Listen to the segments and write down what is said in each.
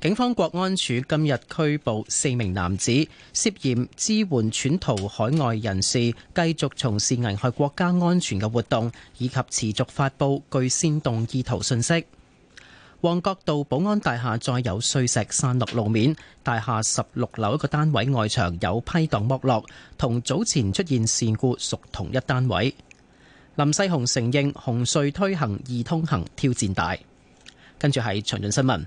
警方國安處今日拘捕四名男子，涉嫌支援竄逃海外人士，繼續從事危害國家安全嘅活動，以及持續發布具煽動意圖信息。旺角道保安大廈再有碎石散落路面，大廈十六樓一個單位外牆有批盪剝落，同早前出現事故屬同一單位。林世雄承認紅隧推行易通行挑戰大，跟住係詳盡新聞。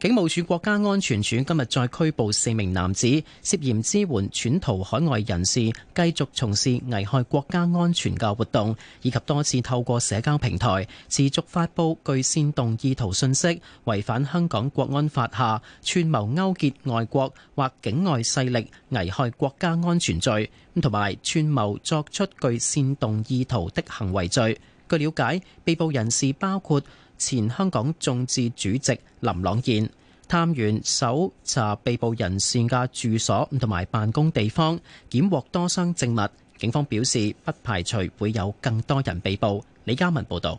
警務處國家安全處今日再拘捕四名男子，涉嫌支援竄逃海外人士，繼續從事危害國家安全嘅活動，以及多次透過社交平台持續發佈具煽動意圖信息，違反《香港國安法》下串謀勾結外國或境外勢力危害國家安全罪，同埋串謀作出具煽動意圖的行為罪。據了解，被捕人士包括。前香港眾志主席林朗彥探員搜查被捕人士嘅住所同埋辦公地方，檢獲多箱證物。警方表示，不排除會有更多人被捕。李嘉文報道。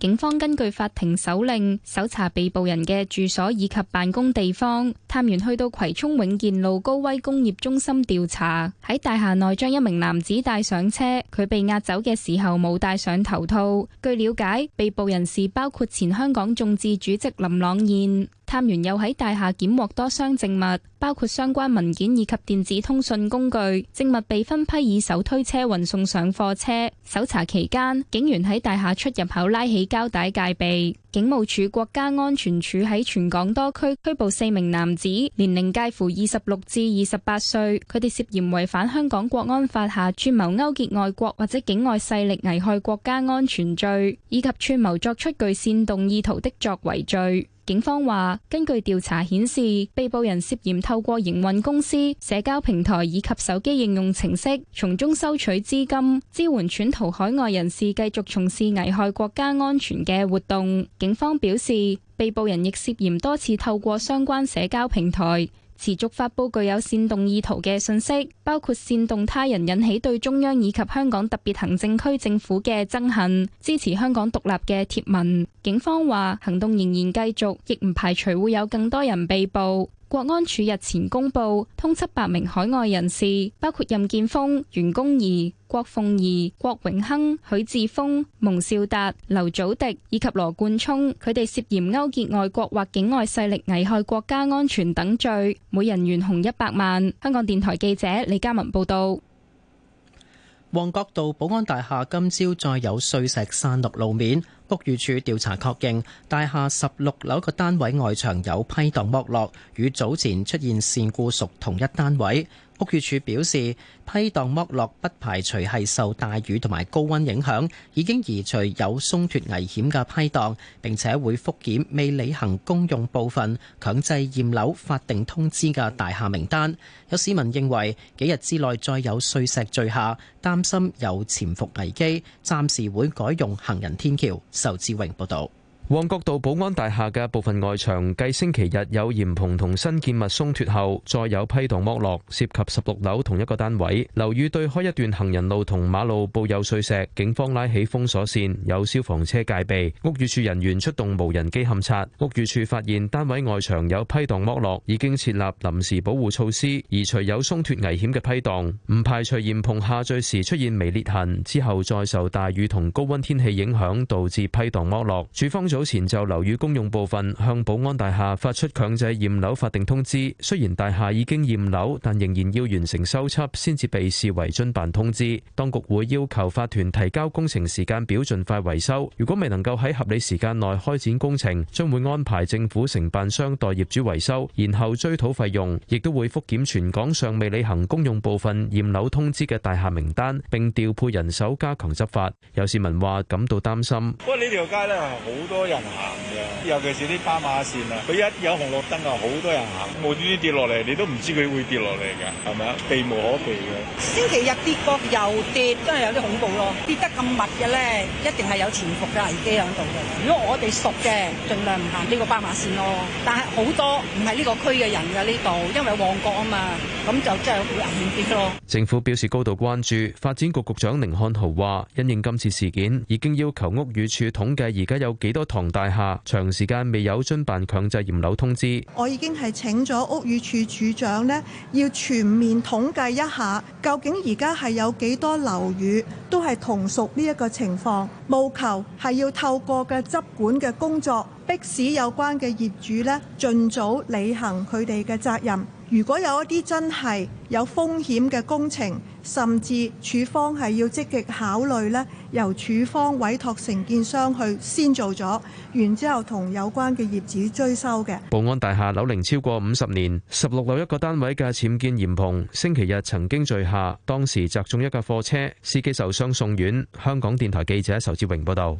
警方根據法庭手令搜查被捕人嘅住所以及辦公地方，探員去到葵涌永健路高威工業中心調查，喺大廈內將一名男子帶上車，佢被押走嘅時候冇戴上頭套。據了解，被捕人士包括前香港眾志主席林朗彥。探員又喺大廈檢獲多箱證物，包括相關文件以及電子通訊工具。證物被分批以手推車運送上貨車。搜查期間，警員喺大廈出入口拉起膠帶戒備。警務處國家安全處喺全港多區拘捕四名男子，年齡介乎二十六至二十八歲，佢哋涉嫌違反香港國安法下串謀勾結外國或者境外勢力危害國家安全罪，以及串謀作出具煽動意圖的作為罪。警方話，根據調查顯示，被捕人涉嫌透過營運公司、社交平台以及手機應用程式，從中收取資金，支援竄逃海外人士繼續從事危害國家安全嘅活動。警方表示，被捕人亦涉嫌多次透過相關社交平台持續發布具有煽動意圖嘅信息，包括煽動他人引起對中央以及香港特別行政區政府嘅憎恨、支持香港獨立嘅貼文。警方話行動仍然繼續，亦唔排除會有更多人被捕。國安署日前公布通緝八名海外人士，包括任建峰、袁弓夷、郭鳳儀、郭榮鏗、許智峰、蒙兆達、劉祖迪以及羅冠聰，佢哋涉嫌勾結外國或境外勢力危害國家安全等罪，每人懸紅一百萬。香港電台記者李嘉文報道。旺角道保安大廈今朝再有碎石散落路面。屋宇署調查確認，大廈十六樓個單位外牆有批盪剝落，與早前出現線故屬同一單位。屋宇署表示，批盪剝落不排除係受大雨同埋高溫影響，已經移除有鬆脫危險嘅批盪，並且會復檢未履行公用部分強制驗樓法定通知嘅大廈名單。有市民認為，幾日之內再有碎石墜下，擔心有潛伏危機，暫時會改用行人天橋。仇志榮報道。旺角道保安大廈嘅部分外牆繼星期日有簷篷同新建物鬆脱後，再有批盪剝落，涉及十六樓同一個單位。樓宇對開一段行人路同馬路布有碎石，警方拉起封鎖線，有消防車戒備。屋宇署人員出動無人機勘察，屋宇署發現單位外牆有批盪剝落，已經設立臨時保護措施，移除有鬆脱危險嘅批盪，唔排除簷篷下墜時出現微裂痕之後再受大雨同高溫天氣影響，導致批盪剝落。署方早前就留意公用部分向保安大廈發出強制驗樓法定通知，雖然大廈已經驗樓，但仍然要完成修葺先至被視為遵辦通知。當局會要求法團提交工程時間表，盡快維修。如果未能夠喺合理時間內開展工程，將會安排政府承辦商代業主維修，然後追討費用。亦都會復檢全港尚未履行公用部分驗樓通知嘅大廈名單，並調配人手加強執法。有市民話感到擔心，不過呢條街咧好多。有人行嘅，尤其是啲斑馬線啊，佢一有紅綠燈啊，好多人行，無端端跌落嚟，你都唔知佢會跌落嚟嘅，係咪啊？避無可避嘅。星期日跌過又跌，真係有啲恐怖咯。跌得咁密嘅咧，一定係有潛伏嘅危機喺度嘅。如果我哋熟嘅，儘量唔行呢個斑馬線咯。但係好多唔係呢個區嘅人嘅呢度，因為旺角啊嘛，咁就真係好危險啲咯。政府表示高度關注，發展局局長寧漢豪話：因應今次事件，已經要求屋宇署統計而家有幾多大廈長時間未有遵辦強制驗樓通知，我已經係請咗屋宇署署長呢，要全面統計一下，究竟而家係有幾多樓宇都係同屬呢一個情況，務求係要透過嘅執管嘅工作，迫使有關嘅業主呢，盡早履行佢哋嘅責任。如果有一啲真係有風險嘅工程，甚至署方係要積極考慮咧，由署方委託承建商去先做咗，然之後同有關嘅業主追收嘅。寶安大廈樓齡超過五十年，十六樓一個單位嘅僭建簷篷星期日曾經墜下，當時砸中一架貨車司機受傷送院。香港電台記者仇志榮報道。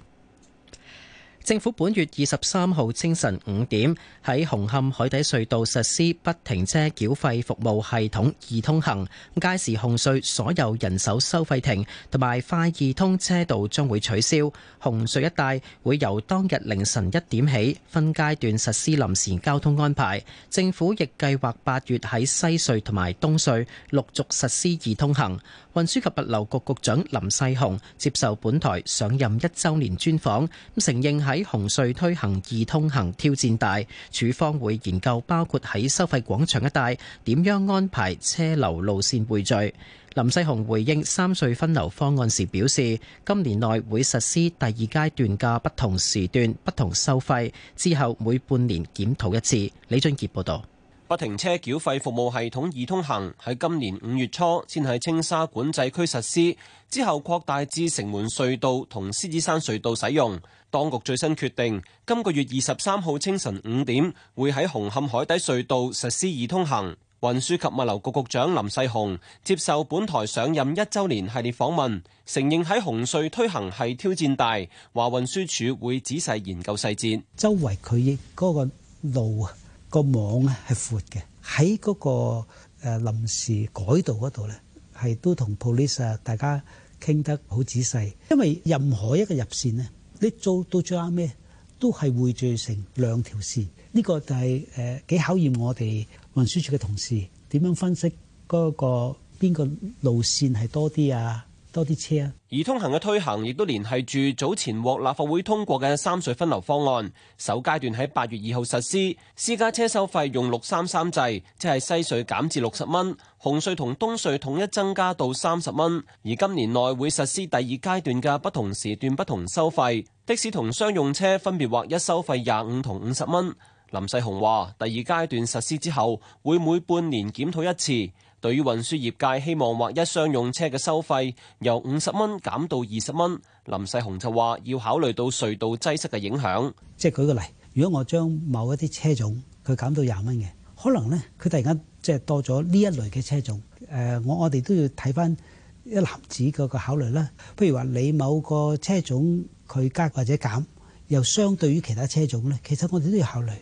政府本月二十三號清晨五點喺紅磡海底隧道實施不停車繳費服務系統易通行，咁屆時紅隧所有人手收費亭同埋快易通車道將會取消。紅隧一帶會由當日凌晨一點起分階段實施臨時交通安排。政府亦計劃八月喺西隧同埋東隧陸續實施易通行。運輸及物流局局長林世雄接受本台上任一週年專訪，咁承認喺。喺紅隧推行易通行挑戰大，署方會研究包括喺收費廣場一帶點樣安排車流路線匯聚。林世雄回應三隧分流方案時表示，今年內會實施第二階段嘅不同時段不同收費，之後每半年檢討一次。李俊杰報道，不停車繳費服務系統易通行喺今年五月初先喺青沙管制區實施，之後擴大至城門隧道同獅子山隧道使用。當局最新決定，今個月二十三號清晨五點會喺紅磡海底隧道實施易通行。運輸及物流局局長林世雄接受本台上任一周年系列訪問，承認喺紅隧推行係挑戰大，話運輸署會仔細研究細節。周圍佢嗰個路啊、嗰個網啊係闊嘅，喺嗰個誒臨時改道嗰度呢係都同 police 大家傾得好仔細，因為任何一個入線咧。你做到最啱咩？都係匯聚成兩條線，呢、這個就係誒幾考驗我哋運輸處嘅同事點樣分析嗰、那個邊個路線係多啲啊？多啲車啊！而通行嘅推行亦都連係住早前獲立法會通過嘅三隧分流方案，首階段喺八月二號實施，私家車收費用六三三制，即係西隧減至六十蚊，紅隧同東隧統一增加到三十蚊。而今年內會實施第二階段嘅不同時段不同收費，的士同商用車分別劃一收費廿五同五十蚊。林世雄話：第二階段實施之後，會每半年檢討一次。對於運輸業界希望劃一商用車嘅收費由五十蚊減到二十蚊，林世雄就話要考慮到隧道擠塞嘅影響。即係舉個例，如果我將某一啲車種佢減到廿蚊嘅，可能呢，佢突然間即係多咗呢一類嘅車種。誒、呃，我我哋都要睇翻一籃子個個考慮啦。譬如話你某個車種佢加或者減，又相對於其他車種呢，其實我哋都要考慮。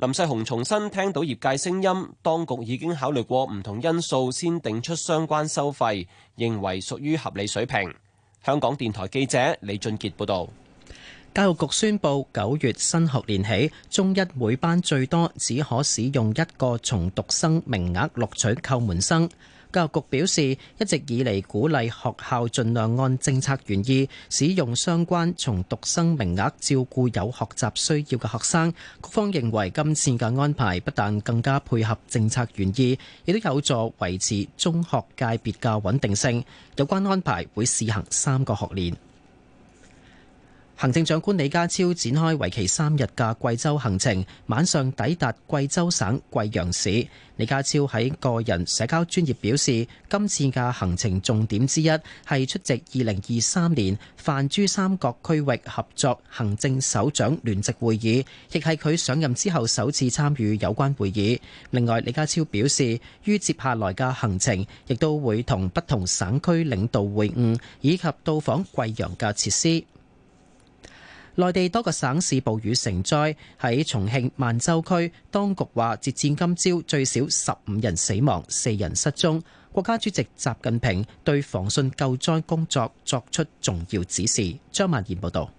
林世雄重新聽到業界聲音，當局已經考慮過唔同因素，先定出相關收費，認為屬於合理水平。香港電台記者李俊杰報道。教育局宣佈，九月新學年起，中一每班最多只可使用一個重讀生名額錄取叩門生。教育局表示，一直以嚟，鼓勵學校盡量按政策原意使用相關重讀生名額，照顧有學習需要嘅學生。局方認為今次嘅安排不但更加配合政策原意，亦都有助維持中學界別嘅穩定性。有關安排會試行三個學年。行政長官李家超展開為期三日嘅貴州行程，晚上抵達貴州省貴陽市。李家超喺個人社交專頁表示，今次嘅行程重點之一係出席二零二三年泛珠三角區域合作行政首長聯席會議，亦係佢上任之後首次參與有關會議。另外，李家超表示，於接下來嘅行程亦都會同不同省區領導會晤，以及到訪貴陽嘅設施。內地多個省市暴雨成災，喺重慶萬州區，當局話截至今朝最少十五人死亡，四人失蹤。國家主席習近平對防汛救災工作作出重要指示。張萬賢報道。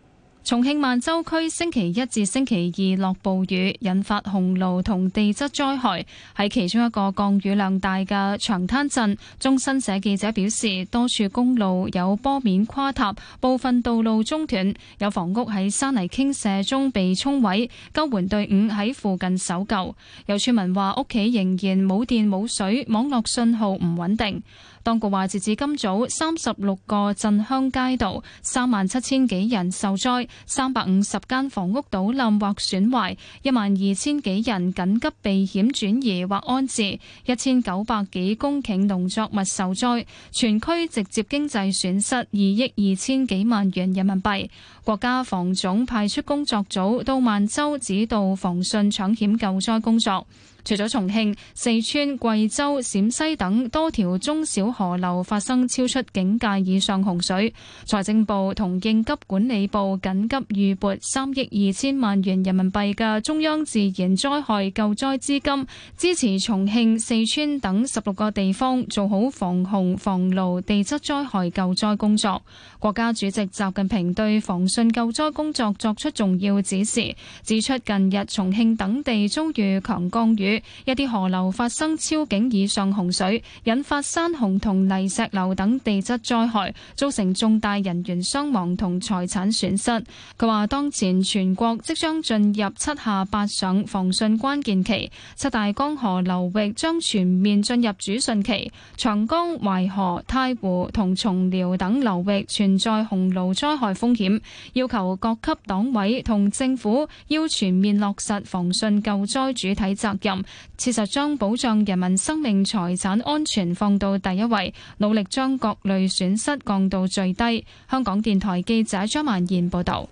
重慶萬州區星期一至星期二落暴雨，引發洪澇同地質災害，喺其中一個降雨量大嘅長灘鎮。中新社記者表示，多處公路有坡面垮塌，部分道路中斷，有房屋喺山泥傾瀉中被沖毀，救援隊伍喺附近搜救。有村民話屋企仍然冇電冇水，網絡信號唔穩定。當局話，截至今早，三十六個鎮鄉街道，三萬七千幾人受災，三百五十間房屋倒冧或損壞，一萬二千幾人緊急避險轉移或安置，一千九百幾公頃農作物受災，全區直接經濟損失二億二千幾萬元人民幣。國家防總派出工作組到萬州指導防汛搶險救災工作。除咗重慶、四川、貴州、陝西等多條中小河流發生超出警戒以上洪水，財政部同應急管理部緊急預撥三億二千萬元人民幣嘅中央自然災害救災資金，支持重慶、四川等十六個地方做好防洪、防澇、地質災害救災工作。國家主席習近平對防汛救災工作作出重要指示，指出近日重慶等地遭遇強降雨。一啲河流發生超警以上洪水，引發山洪同泥石流等地質災害，造成重大人員傷亡同財產損失。佢話當前全國即將進入七下八上防汛關鍵期，七大江河流域將全面進入主汛期，長江、淮河、太湖同松遼等流域存在洪澇災害風險，要求各級黨委同政府要全面落實防汛救災主體責任。切實將保障人民生命財產安全放到第一位，努力將各類損失降到最低。香港電台記者張曼燕報道。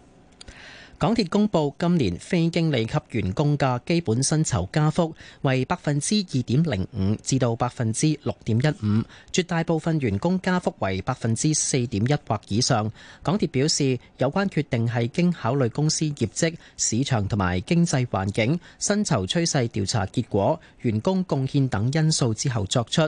港鐵公布今年非經理級員工嘅基本薪酬加幅為百分之二點零五至到百分之六點一五，絕大部分員工加幅為百分之四點一或以上。港鐵表示，有關決定係經考慮公司業績、市場同埋經濟環境、薪酬趨勢調查結果、員工貢獻等因素之後作出。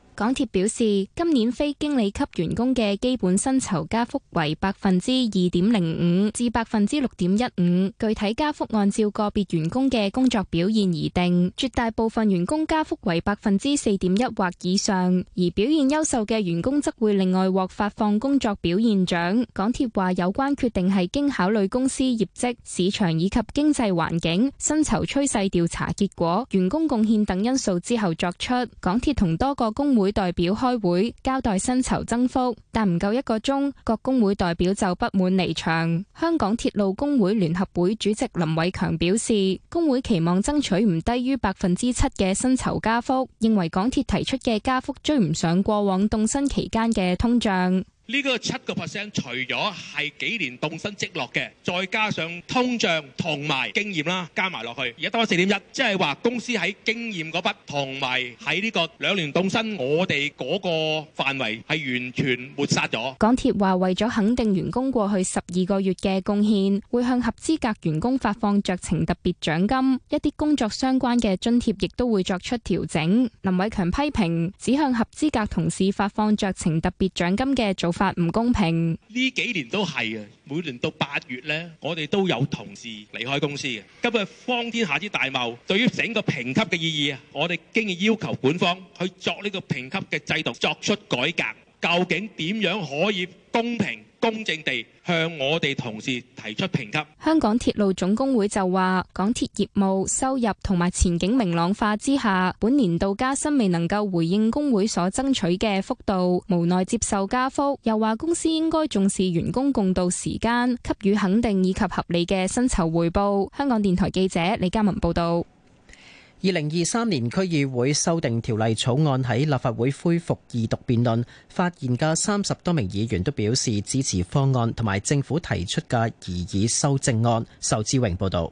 港鐵表示，今年非經理級員工嘅基本薪酬加幅為百分之二點零五至百分之六點一五，具體加幅按照個別員工嘅工作表現而定。絕大部分員工加幅為百分之四點一或以上，而表現優秀嘅員工則會另外獲發放工作表現獎。港鐵話有關決定係經考慮公司業績、市場以及經濟環境、薪酬趨勢調查結果、員工貢獻等因素之後作出。港鐵同多個工會。工會代表開會交代薪酬增幅，但唔夠一個鐘，各工會代表就不滿離場。香港鐵路工會聯合會主席林偉強表示，工會期望爭取唔低於百分之七嘅薪酬加幅，認為港鐵提出嘅加幅追唔上過往凍薪期間嘅通脹。呢個七個 percent 除咗係幾年凍薪積落嘅，再加上通脹同埋經驗啦，加埋落去，而家得翻四點一，即係話公司喺經驗嗰筆同埋喺呢個兩年凍薪，我哋嗰個範圍係完全抹殺咗。港鐵話為咗肯定員工過去十二個月嘅貢獻，會向合資格員工發放酌情特別獎金，一啲工作相關嘅津貼亦都會作出調整。林偉強批評只向合資格同事發放酌情特別獎金嘅組法唔公平，呢幾年都係啊。每年到八月咧，我哋都有同事離開公司嘅。今日荒天下之大謬，對於整個評級嘅意義啊，我哋經已要求本方去作呢個評級嘅制度作出改革。究竟點樣可以公平？公正地向我哋同事提出評級。香港鐵路總工會就話，港鐵業務收入同埋前景明朗化之下，本年度加薪未能夠回應工會所爭取嘅幅度，無奈接受加幅。又話公司應該重視員工共度時間，給予肯定以及合理嘅薪酬回報。香港電台記者李嘉文報道。二零二三年區議會修訂條例草案喺立法會恢復二讀辯論，發言嘅三十多名議員都表示支持方案，同埋政府提出嘅疑議修正案。仇志榮報道。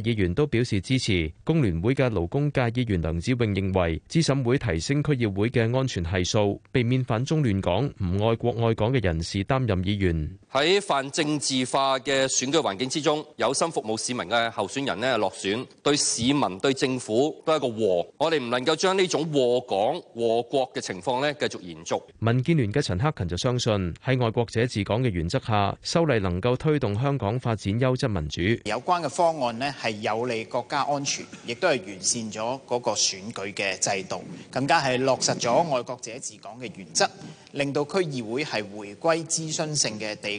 議員都表示支持工聯會嘅勞工界議員梁子穎認為，資審會提升區議會嘅安全係數，避免反中亂港、唔愛國愛港嘅人士擔任議員。喺泛政治化嘅選舉環境之中，有心服務市民嘅候選人咧落選，對市民、對政府都係一個禍。我哋唔能夠將呢種禍港禍國嘅情況咧繼續延續。民建聯嘅陳克勤就相信喺愛國者治港嘅原則下，修例能夠推動香港發展優質民主。有關嘅方案咧係有利國家安全，亦都係完善咗嗰個選舉嘅制度，更加係落實咗愛國者治港嘅原則，令到區議會係回歸諮詢性嘅地。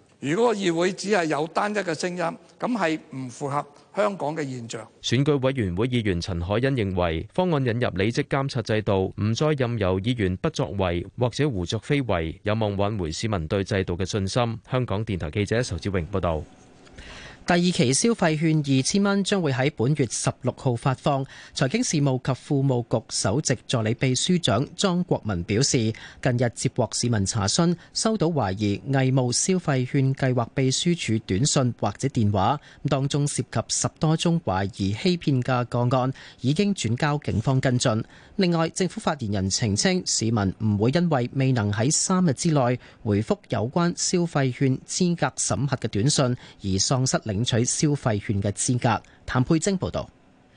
如果議會只係有單一嘅聲音，咁係唔符合香港嘅現象。選舉委員會議員陳海欣認為，方案引入履職監察制度，唔再任由議員不作為或者胡作非為，有望挽回市民對制度嘅信心。香港電台記者仇志榮報道。第二期消費券二千蚊將會喺本月十六號發放。財經事務及庫務局首席助理秘書長莊國文表示，近日接獲市民查詢收到懷疑偽冒消費券計劃秘書處短信或者電話，當中涉及十多宗懷疑欺騙嘅個案，已經轉交警方跟進，另外，政府發言人澄清，市民唔會，因為未能喺三日之內回覆有關消費券資格審核嘅短信而喪失。領取消費券嘅資格。譚佩晶報道。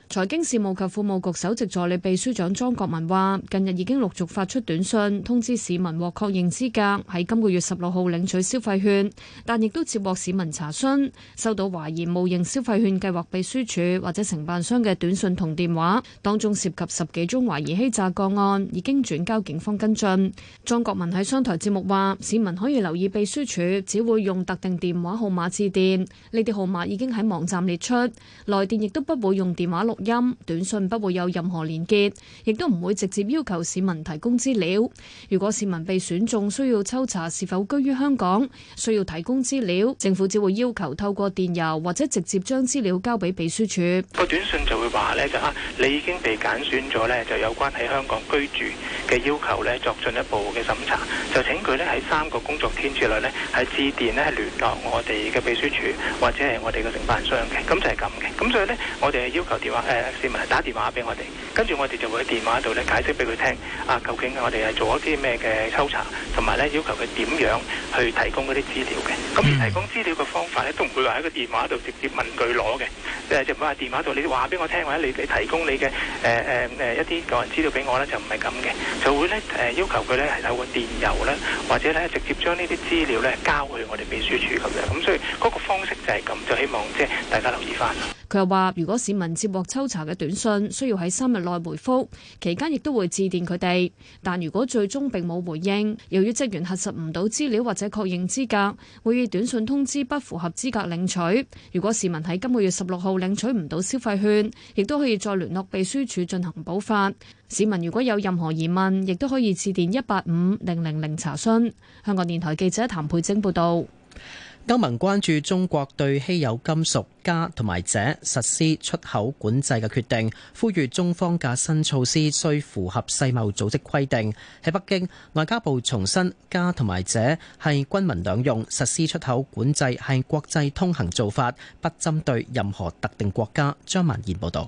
財經事務及庫務局首席助理秘書長莊國文話：近日已經陸續發出短信通知市民獲確認資格，喺今個月十六號領取消費券，但亦都接獲市民查詢收到懷疑冒認消費券計劃秘書處或者承辦商嘅短信同電話，當中涉及十幾宗懷疑欺詐個案，已經轉交警方跟進。莊國文喺商台節目話：市民可以留意秘書處只會用特定電話號碼致電，呢啲號碼已經喺網站列出，來電亦都不會用電話錄音短信不會有任何連結，亦都唔會直接要求市民提供資料。如果市民被選中，需要抽查是否居於香港，需要提供資料，政府只會要求透過電郵或者直接將資料交俾秘書處。個短信就會話呢就啊，你已經被揀選咗呢，就有關喺香港居住嘅要求呢作進一步嘅審查，就請佢呢喺三個工作天之內呢係致電呢係聯絡我哋嘅秘書處或者係我哋嘅承辦商嘅，咁就係咁嘅。咁所以呢，我哋係要求電話。誒市民係打電話俾我哋，跟住我哋就會喺電話度咧解釋俾佢聽，啊究竟我哋係做一啲咩嘅抽查，同埋咧要求佢點樣去提供嗰啲資料嘅。咁你、嗯、提供資料嘅方法咧，都唔會話喺個電話度直接問佢攞嘅，即、呃、係就唔會話電話度你話俾我聽，或者你你提供你嘅誒誒誒一啲個人資料俾我咧，就唔係咁嘅，就會咧誒、呃、要求佢咧係透過電郵啦，或者咧直接將呢啲資料咧交去我哋秘書處咁樣。咁、呃、所以嗰個方式就係咁，就希望即係、呃、大家留意翻。佢又話：如果市民接獲抽查嘅短信，需要喺三日內回覆，期間亦都會致電佢哋。但如果最終並冇回應，由於職員核實唔到資料或者確認資格，會以短信通知不符合資格領取。如果市民喺今個月十六號領取唔到消費券，亦都可以再聯絡秘書處進行補發。市民如果有任何疑問，亦都可以致電一八五零零零查詢。香港電台記者譚佩晶報道。歐盟關注中國對稀有金屬鎵同埋鍺實施出口管制嘅決定，呼籲中方嘅新措施需符合世貿組織規定。喺北京，外交部重申鎵同埋鍺係軍民兩用，實施出口管制係國際通行做法，不針對任何特定國家。張文賢報道。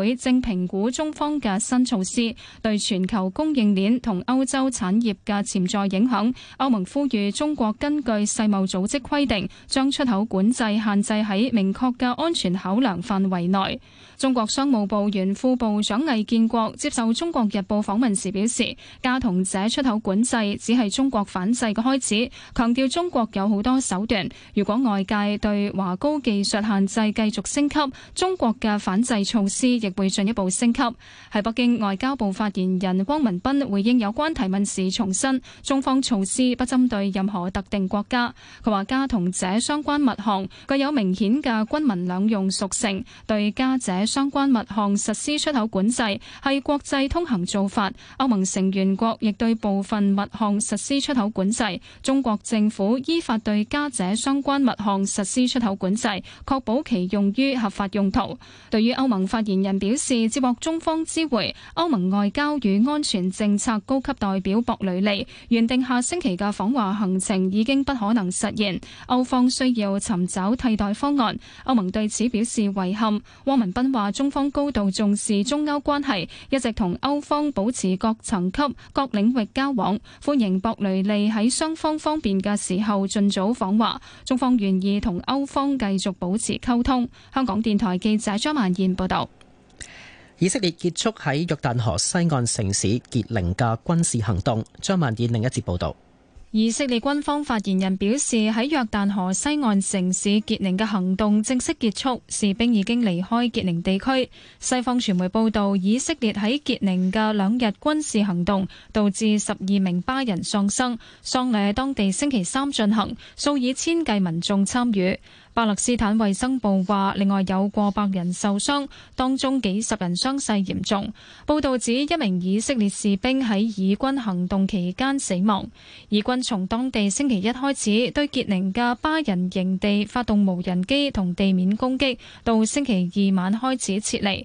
會正評估中方嘅新措施對全球供應鏈同歐洲產業嘅潛在影響。歐盟呼籲中國根據世貿組織規定，將出口管制限制喺明確嘅安全考量範圍內。中國商務部原副部長魏建國接受《中國日報》訪問時表示，鎵同鍺出口管制只係中國反制嘅開始，強調中國有好多手段。如果外界對華高技術限制繼續升級，中國嘅反制措施亦會進一步升級。喺北京，外交部發言人汪文斌回應有關提問時重申，中方措施不針對任何特定國家。佢話鎵同鍺相關物項具有明顯嘅軍民兩用屬性，對鎵鍺相關物項實施出口管制係國際通行做法，歐盟成員國亦對部分物項實施出口管制。中國政府依法對鎵鍺相關物項實施出口管制，確保其用於合法用途。對於歐盟發言人表示接獲中方知會，歐盟外交與安全政策高級代表博雷利原定下星期嘅訪華行程已經不可能實現，歐方需要尋找替代方案。歐盟對此表示遺憾。汪文斌話。話中方高度重視中歐關係，一直同歐方保持各層級、各領域交往，歡迎博雷利喺雙方方便嘅時候盡早訪華。中方願意同歐方繼續保持溝通。香港電台記者張曼燕報道。以色列結束喺約旦河西岸城市傑寧嘅軍事行動，張曼燕另一節報道。以色列軍方發言人表示，喺約旦河西岸城市杰寧嘅行動正式結束，士兵已經離開杰寧地區。西方傳媒報道，以色列喺杰寧嘅兩日軍事行動導致十二名巴人喪生，喪禮喺當地星期三進行，數以千計民眾參與。巴勒斯坦衛生部話，另外有過百人受傷，當中幾十人傷勢嚴重。報道指一名以色列士兵喺以軍行動期間死亡。以軍從當地星期一開始對傑寧嘅巴人營地發動無人機同地面攻擊，到星期二晚開始撤離。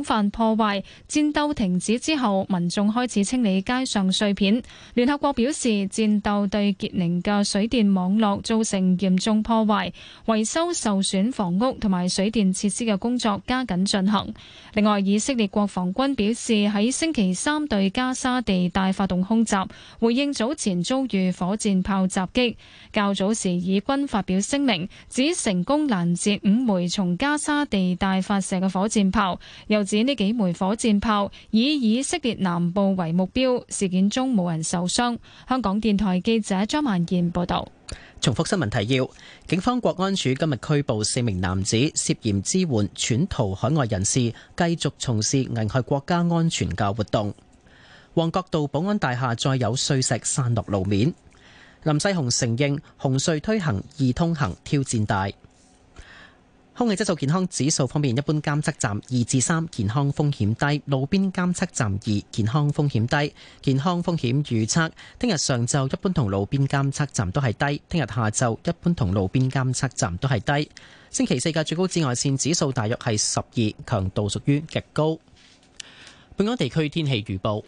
犯破壞，戰鬥停止之後，民眾開始清理街上碎片。聯合國表示，戰鬥對傑寧嘅水電網絡造成嚴重破壞，維修受損房屋同埋水電設施嘅工作加緊進行。另外，以色列國防軍表示喺星期三對加沙地帶發動空襲，回應早前遭遇火箭炮襲擊。較早時，以軍發表聲明，指成功攔截五枚從加沙地帶發射嘅火箭炮，又，指呢幾枚火箭炮以以色列南部為目標，事件中冇人受傷。香港電台記者張曼燕報道。重複新聞提要：警方國安處今日拘捕四名男子，涉嫌支援竄逃海外人士，繼續從事危害國家安全嘅活動。旺角道保安大廈再有碎石散落路面。林世雄承認紅隧推行易通行，挑戰大。空氣質素健康指數方面，一般監測站二至三，健康風險低；路邊監測站二，健康風險低。健康風險預測：聽日上晝一般同路邊監測站都係低；聽日下晝一般同路邊監測站都係低。星期四嘅最高紫外線指數大約係十二，強度屬於極高。本港地區天氣預報。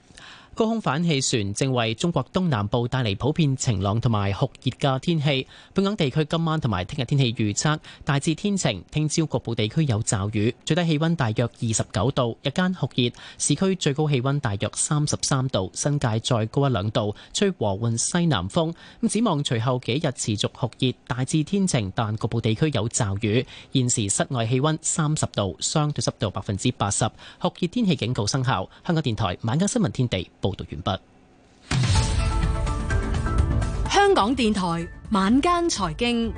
高空反氣旋正為中國東南部帶嚟普遍晴朗同埋酷熱嘅天氣。本港地區今晚同埋聽日天氣預測大致天晴，聽朝局部地區有驟雨，最低氣温大約二十九度，日間酷熱，市區最高氣温大約三十三度，新界再高一兩度，吹和緩西南風。咁展望隨後幾日持續酷熱，大致天晴，但局部地區有驟雨。現時室外氣温三十度，相對濕度百分之八十，酷熱天氣警告生效。香港電台晚間新聞天地。報道完畢。香港電台晚間財經，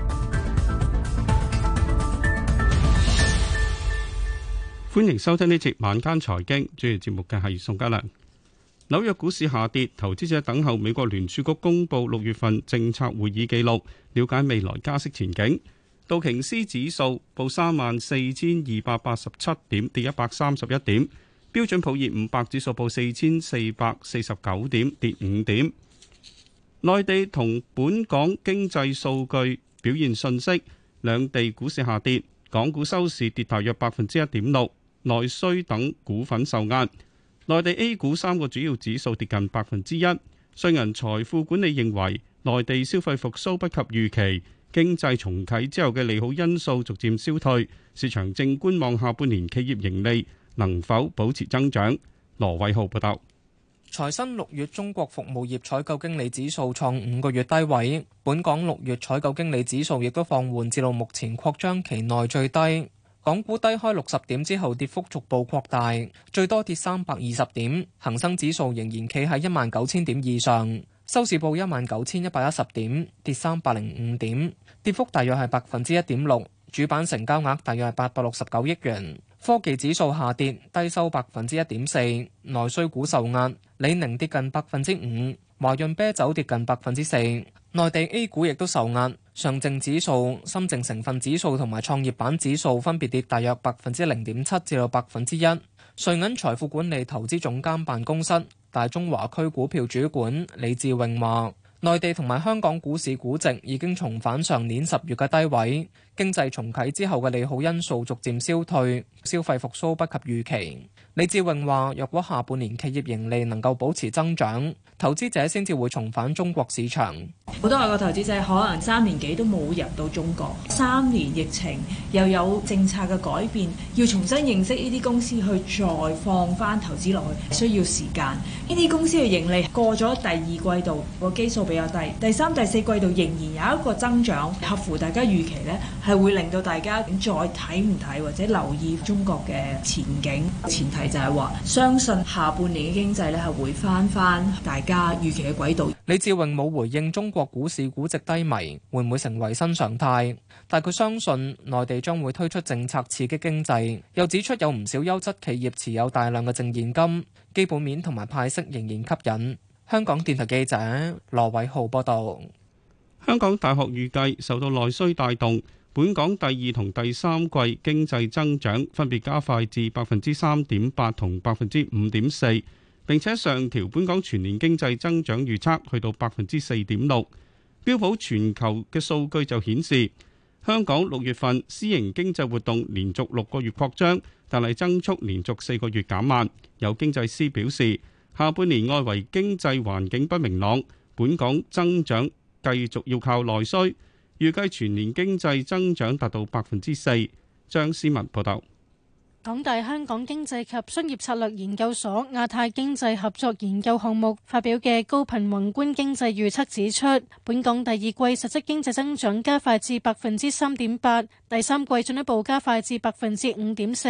歡迎收聽呢節晚間財經。主要節目嘅係宋家良。紐約股市下跌，投資者等候美國聯儲局公布六月份政策會議記錄，了解未來加息前景。道瓊斯指數報三萬四千二百八十七點，跌一百三十一點。標準普爾五百指數報四千四百四十九點，跌五點。內地同本港經濟數據表現信息，兩地股市下跌，港股收市跌大約百分之一點六，內需等股份受壓。內地 A 股三個主要指數跌近百分之一。瑞銀財富管理認為，內地消費復蘇不及預期，經濟重啟之後嘅利好因素逐漸消退，市場正觀望下半年企業盈利能否保持增長？羅偉浩報道。財新六月中國服務業採購經理指數創五個月低位，本港六月採購經理指數亦都放緩至到目前擴張期內最低。港股低開六十點之後跌幅逐步擴大，最多跌三百二十點。恒生指數仍然企喺一萬九千點以上，收市報一萬九千一百一十點，跌三百零五點，跌幅大約係百分之一點六。主板成交額大約係八百六十九億元。科技指數下跌，低收百分之一點四。內需股受壓，李寧跌近百分之五，華潤啤酒跌近百分之四。內地 A 股亦都受壓，上證指數、深證成分指數同埋創業板指數分別跌大約百分之零點七至到百分之一。瑞銀財富管理投資總監辦公室大中華區股票主管李志榮話。內地同埋香港股市估值已經重返上年十月嘅低位，經濟重啟之後嘅利好因素逐漸消退，消費復甦不及預期。李志榮話：若果下半年企業盈利能夠保持增長，投資者先至會重返中國市場。好多外國投資者可能三年幾都冇入到中國，三年疫情又有政策嘅改變，要重新認識呢啲公司去再放翻投資落去，需要時間。呢啲公司嘅盈利過咗第二季度，個基數比較低，第三、第四季度仍然有一個增長，合乎大家預期呢係會令到大家再睇唔睇或者留意中國嘅前景前提，就係話相信下半年嘅經濟咧係會翻翻大家預期嘅軌道。李志榮冇回應中國股市估值低迷會唔會成為新常態，但佢相信內地將會推出政策刺激經濟，又指出有唔少優質企業持有大量嘅淨現金，基本面同埋派息仍然吸引。香港電台記者羅偉浩報道。香港大學預計受到內需帶動，本港第二同第三季經濟增長分別加快至百分之三點八同百分之五點四，並且上調本港全年經濟增長預測去到百分之四點六。標普全球嘅數據就顯示，香港六月份私營經濟活動連續六個月擴張，但係增速連續四個月減慢。有經濟師表示，下半年外圍經濟環境不明朗，本港增長繼續要靠內需。預計全年經濟增長達到百分之四。張思文報道。港大香港經濟及商業策略研究所亞太經濟合作研究項目發表嘅高頻宏觀經濟預測指出，本港第二季實質經濟增長加快至百分之三點八，第三季進一步加快至百分之五點四。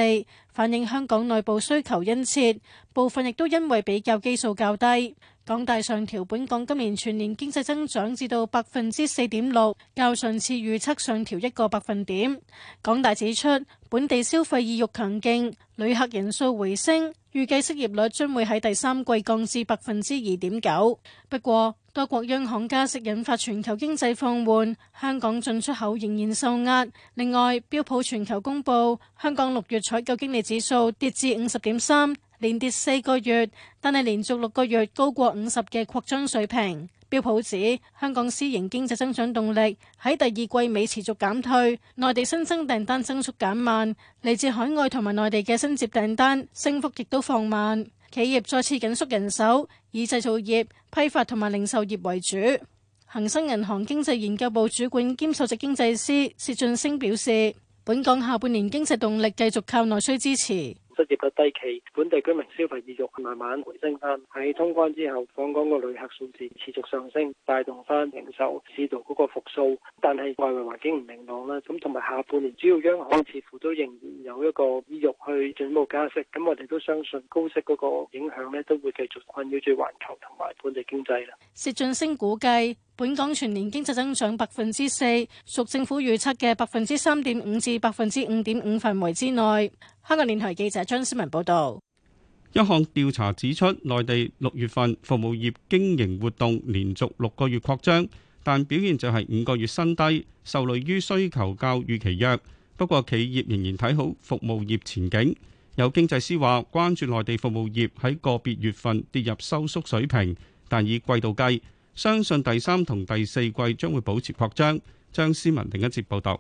反映香港內部需求殷切，部分亦都因為比較基數較低。港大上調本港今年全年經濟增長至到百分之四點六，較上次預測上調一個百分點。港大指出，本地消費意欲強勁。旅客人數回升，預計失業率將會喺第三季降至百分之二點九。不過，多國央行加息引發全球經濟放緩，香港進出口仍然受壓。另外，標普全球公佈香港六月採購經理指數跌至五十點三，連跌四個月，但係連續六個月高過五十嘅擴張水平。標普指，香港私營經濟增長動力喺第二季尾持續減退，內地新增訂單增速減慢，嚟自海外同埋內地嘅新接訂單升幅亦都放慢，企業再次緊縮人手，以製造業、批發同埋零售業為主。恒生銀行經濟研究部主管兼首席經濟師薛俊升表示，本港下半年經濟動力繼續靠內需支持。失業率低期，本地居民消費意欲慢慢回升翻。喺通關之後，訪港個旅客數字持續上升，帶動翻零售市道嗰個復甦。但係外圍環境唔明朗啦，咁同埋下半年主要央行似乎都仍然有一個意欲去進一步加息。咁我哋都相信高息嗰個影響咧，都會繼續困擾住環球同埋本地經濟啦。薛俊星估計，本港全年經濟增長百分之四，屬政府預測嘅百分之三點五至百分之五點五範圍之內。香港電台記者張思文報道，一項調查指出，內地六月份服務業經營活動連續六個月擴張，但表現就係五個月新低，受累於需求較預期弱。不過企業仍然睇好服務業前景。有經濟師話，關注內地服務業喺個別月份跌入收縮水平，但以季度計，相信第三同第四季將會保持擴張。張思文另一節報道。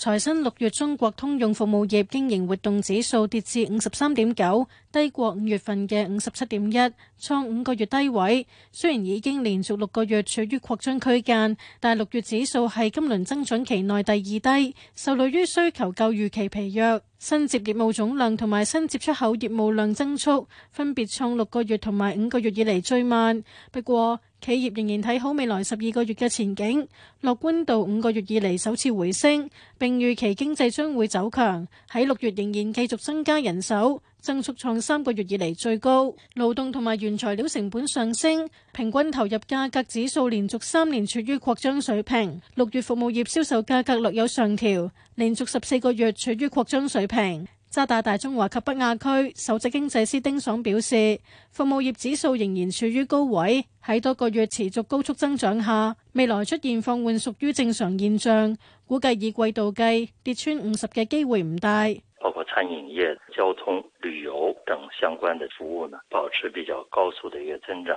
財新六月中國通用服務業經營活動指數跌至五十三點九，低過五月份嘅五十七點一，創五個月低位。雖然已經連續六個月處於擴張區間，但六月指數係今輪增長期內第二低，受累於需求較預期疲弱。新接業務總量同埋新接出口業務量增速分別創六個月同埋五個月以嚟最慢。不過，企業仍然睇好未來十二個月嘅前景，樂觀度五個月以嚟首次回升，並預期經濟將會走強。喺六月仍然繼續增加人手，增速創三個月以嚟最高。勞動同埋原材料成本上升，平均投入價格指數連續三年處於擴張水平。六月服務業銷售價格略有上調，連續十四個月處於擴張水平。渣打大中華及北亞區首席經濟師丁爽表示，服務業指數仍然處於高位，喺多個月持續高速增長下，未來出現放緩屬於正常現象。估計二季度計跌穿五十嘅機會唔大。包括餐飲業、交通、旅遊等相關嘅服務呢，保持比較高速嘅一個增長。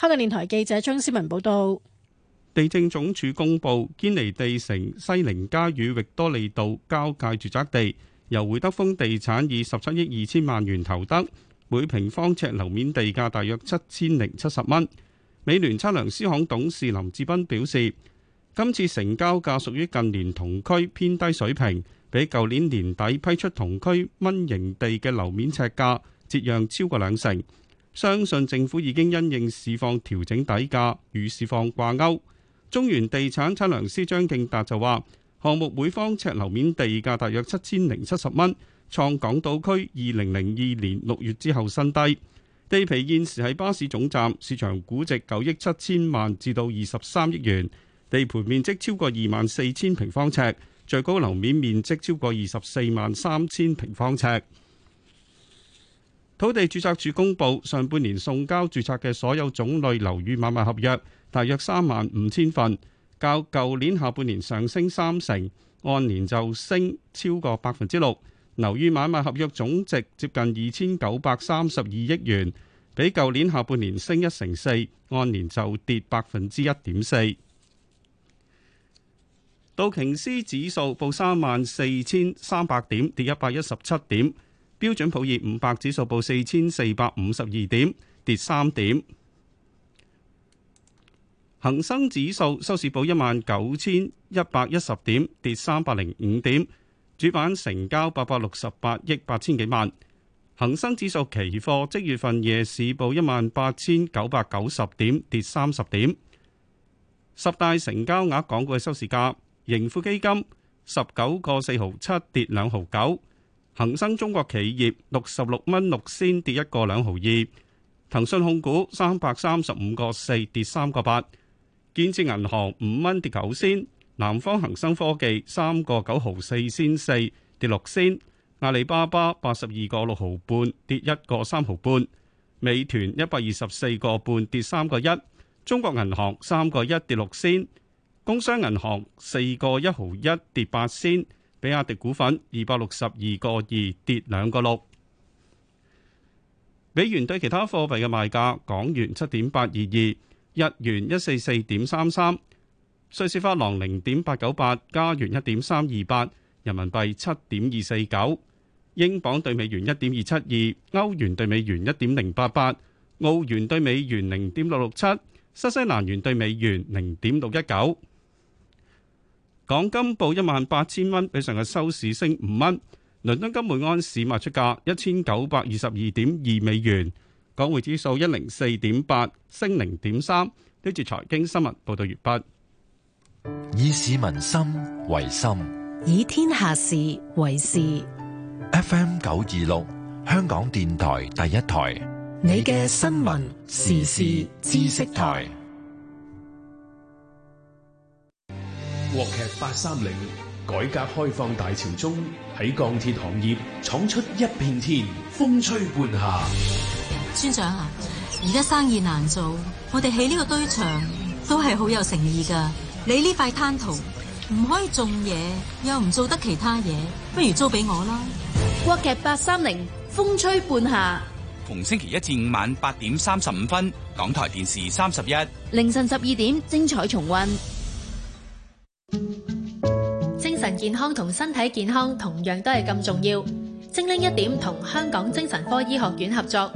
香港電台記者張思文報道，地政總署公布堅尼地城西寧街與域多利道交界住宅地，由匯德豐地產以十七億二千萬元投得，每平方尺樓面地價大約七千零七十蚊。美聯測量師行董事林志斌表示，今次成交價屬於近年同區偏低水平，比舊年年底批出同區蚊型地嘅樓面尺價折讓超過兩成。相信政府已經因應市況調整底價與市況掛鈎。中原地產測量師張敬達就話：項目每方尺樓面地價大約七千零七十蚊，創港島區二零零二年六月之後新低。地皮現時喺巴士總站，市場估值九億七千萬至到二十三億元。地盤面積超過二萬四千平方尺，最高樓面面積超過二十四萬三千平方尺。土地註冊處公布上半年送交註冊嘅所有種類樓宇買賣合約，大約三萬五千份，較舊年下半年上升三成，按年就升超過百分之六。樓宇買賣合約總值接近二千九百三十二億元，比舊年下半年升一成四，按年就跌百分之一點四。道瓊斯指數報三萬四千三百點，跌一百一十七點。標準普爾五百指數報四千四百五十二點，跌三點。恒生指數收市報一萬九千一百一十點，跌三百零五點。主板成交八百六十八億八千幾萬。恒生指數期貨即月份夜市報一萬八千九百九十點，跌三十點。十大成交額港股嘅收市價，盈富基金十九個四毫七，跌兩毫九。恒生中國企業六十六蚊六仙跌一個兩毫二，騰訊控股三百三十五個四跌三個八，建設銀行五蚊跌九仙，南方恒生科技三個九毫四仙四跌六仙，阿里巴巴八十二個六毫半跌一個三毫半，美團一百二十四個半跌三個一，中國銀行三個一跌六仙，工商銀行四個一毫一跌八仙。比亞迪股份二百六十二個二跌兩個六，美元對其他貨幣嘅賣價：港元七點八二二，日元一四四點三三，瑞士法郎零點八九八，加元一點三二八，人民幣七點二四九，英鎊對美元一點二七二，歐元對美元一點零八八，澳元對美元零點六六七，新西蘭元對美元零點六一九。港金報一萬八千蚊，比上日收市升五蚊。倫敦金每盎司賣出價一千九百二十二點二美元。港匯指數一零四點八，升零點三。呢節財經新聞報道完畢。以市民心為心，以天下事為事。F M 九二六，香港電台第一台，你嘅新聞時事知識台。國劇八三零，30，改革開放大潮中，喺鋼鐵行業闖出一片天，風吹半夏。村長啊，而家生意難做，我哋起呢個堆場都係好有誠意㗎。你呢塊灘塗唔可以種嘢，又唔做得其他嘢，不如租俾我啦。國劇八三零，風吹半夏。逢星期一至五晚八點三十五分，港台電視三十一，凌晨十二點精彩重溫。精神健康同身體健康同樣都係咁重要。精靈一點同香港精神科醫學院合作，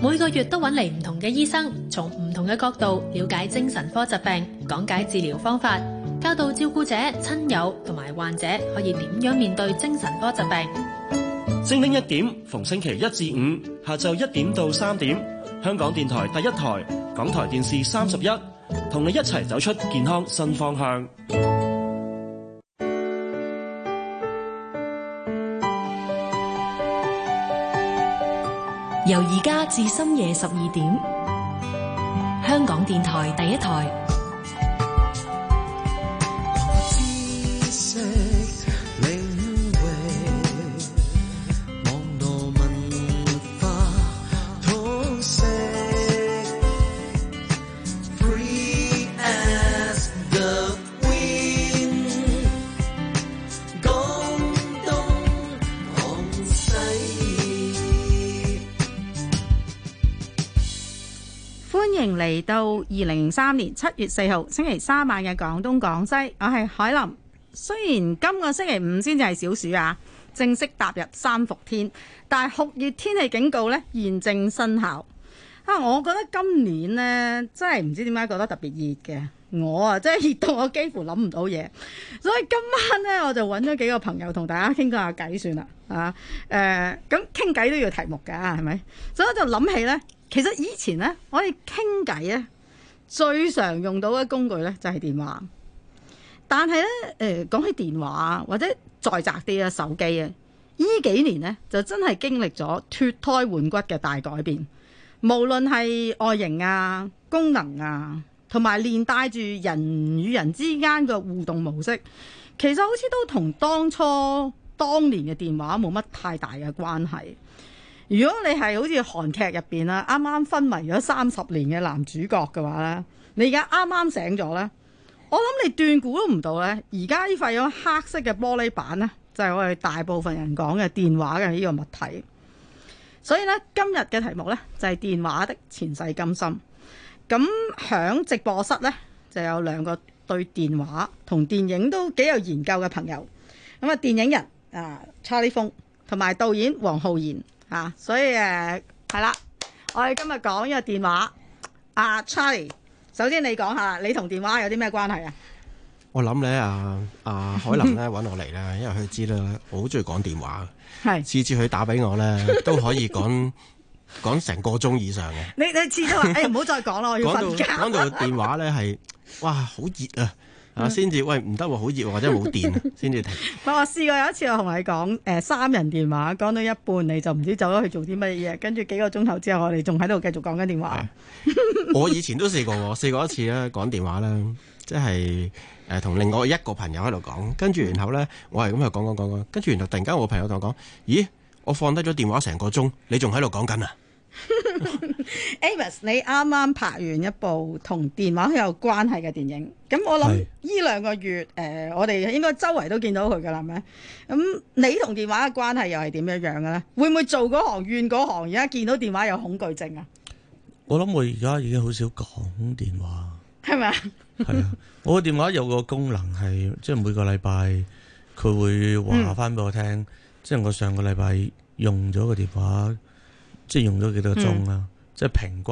每個月都揾嚟唔同嘅醫生，從唔同嘅角度了解精神科疾病，講解治療方法，教導照顧者、親友同埋患者可以點樣面對精神科疾病。精靈一點，逢星期一至五，下晝一點到三點，香港電台第一台、港台電視三十一，同你一齊走出健康新方向。由而家至深夜十二點，香港電台第一台。到二零零三年七月四號星期三晚嘅廣東廣西，我係海林。雖然今個星期五先至係小暑啊，正式踏入三伏天，但係酷熱天氣警告呢現正生效。啊，我覺得今年呢真係唔知點解覺得特別熱嘅，我啊真係熱到我幾乎諗唔到嘢。所以今晚呢，我就揾咗幾個朋友同大家傾個下偈算啦。啊，誒、呃，咁傾偈都要題目噶係咪？所以我就諗起呢。其實以前咧，我哋傾偈咧，最常用到嘅工具咧就係、是、電話。但係咧，誒、呃、講起電話或者再窄啲啊手機啊，呢幾年咧就真係經歷咗脱胎換骨嘅大改變。無論係外形啊、功能啊，同埋連帶住人與人之間嘅互動模式，其實好似都同當初當年嘅電話冇乜太大嘅關係。如果你係好似韓劇入邊啦，啱啱昏迷咗三十年嘅男主角嘅話呢，你而家啱啱醒咗咧，我諗你斷估都唔到呢，而家呢塊有黑色嘅玻璃板呢，就係、是、我哋大部分人講嘅電話嘅呢個物體。所以呢，今日嘅題目呢，就係、是、電話的前世今生。咁響直播室呢，就有兩個對電話同電影都幾有研究嘅朋友。咁啊，電影人啊查理峰同埋導演黃浩然。啊，所以誒，係、啊、啦，我哋今日講呢個電話，阿、啊、Charlie，首先你講下，你同電話有啲咩關係啊？啊我諗咧，阿阿海琳咧揾我嚟咧，因為佢知道我好中意講電話嘅，是次次佢打俾我咧都可以講講成個鐘以上嘅。你你次次話誒唔好再講啦，我要瞓覺。講到，講到電話咧係，哇，好熱啊！先至 喂，唔得喎，好熱或者冇電啊，先至 停。 我試過有一次我，我同你講，誒三人電話講到一半，你就唔知走咗去做啲乜嘢，跟住幾個鐘頭之後，我哋仲喺度繼續講緊電話。 我以前都試過，我試過一次咧，講電話啦，即係誒同另外一個朋友喺度講，跟住然後呢，我係咁樣講講講講，跟住然後突然間我朋友同我講：咦，我放低咗電話成個鐘，你仲喺度講緊啊？ Amos，你啱啱拍完一部同電話有關係嘅電影，咁我諗呢兩個月，誒是、呃，我哋應該周圍都見到佢噶啦，咩？咁你同電話嘅關係又係點樣樣嘅咧？會唔會做嗰行怨嗰行？而家見到電話有恐懼症啊？我諗我而家已經好少講電話，係咪啊？係 啊，我個電話有個功能係，即係每個禮拜佢會話翻俾我聽，嗯、即係我上個禮拜用咗個電話。即係用咗幾多鐘啊？即係、嗯、平均。